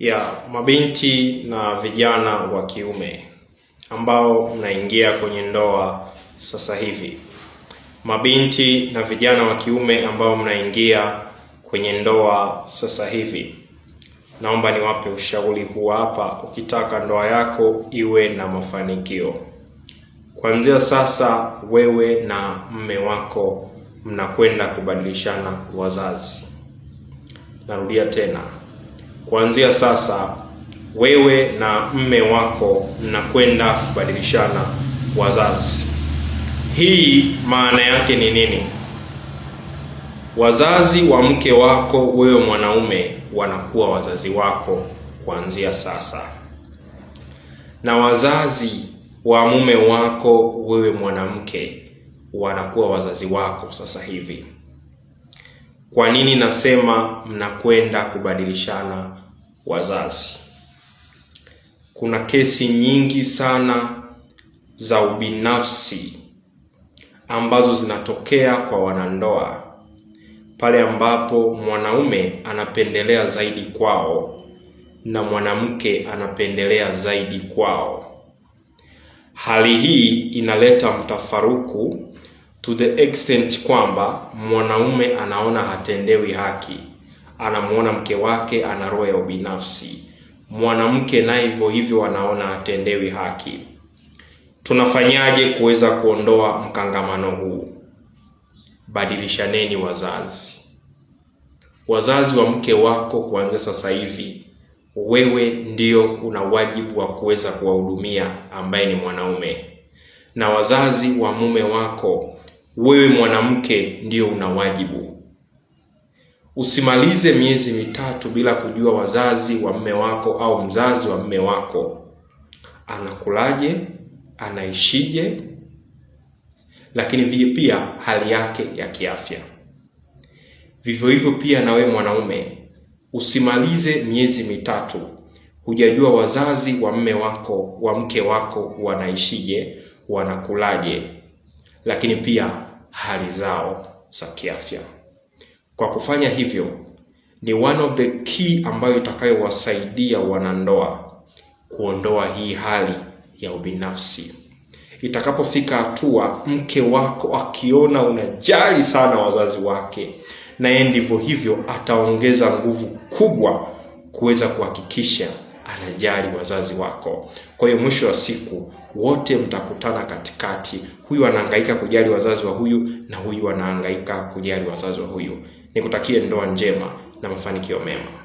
ya mabinti na vijana wa kiume ambao mnaingia kwenye ndoa sasa hivi, mabinti na vijana wa kiume ambao mnaingia kwenye ndoa sasa hivi, naomba niwape ushauri huu hapa. Ukitaka ndoa yako iwe na mafanikio, kuanzia sasa, wewe na mme wako mnakwenda kubadilishana wazazi. Narudia tena, kuanzia sasa wewe na mme wako mnakwenda kubadilishana wazazi. Hii maana yake ni nini? Wazazi wa mke wako wewe mwanaume wanakuwa wazazi wako kuanzia sasa, na wazazi wa mume wako wewe mwanamke wanakuwa wazazi wako sasa hivi. Kwa nini nasema mnakwenda kubadilishana wazazi? Kuna kesi nyingi sana za ubinafsi ambazo zinatokea kwa wanandoa pale ambapo mwanaume anapendelea zaidi kwao na mwanamke anapendelea zaidi kwao. Hali hii inaleta mtafaruku to the extent kwamba mwanaume anaona hatendewi haki, anamuona mke wake ana roho ya ubinafsi, mwanamke naye hivyo hivyo anaona hatendewi haki. Tunafanyaje kuweza kuondoa mkangamano huu? Badilishaneni wazazi, wazazi wa mke wako kuanzia sasa hivi wewe ndio una wajibu wa kuweza kuwahudumia, ambaye ni mwanaume, na wazazi wa mume wako wewe mwanamke ndiyo una wajibu. Usimalize miezi mitatu bila kujua wazazi wa mme wako au mzazi wa mme wako anakulaje, anaishije, lakini vile pia hali yake ya kiafya. Vivyo hivyo pia na wewe mwanaume usimalize miezi mitatu hujajua wazazi wa mme wako wa mke wako wanaishije, wanakulaje, lakini pia hali zao za kiafya. Kwa kufanya hivyo, ni one of the key ambayo itakayowasaidia wanandoa kuondoa hii hali ya ubinafsi. Itakapofika hatua mke wako akiona unajali sana wazazi wake, naye ndivyo hivyo, ataongeza nguvu kubwa kuweza kuhakikisha anajali wazazi wako. Kwa hiyo mwisho wa siku wote mtakutana katikati, huyu anahangaika kujali wazazi wa huyu na huyu anahangaika kujali wazazi wa huyu. Nikutakie ndoa njema na mafanikio mema.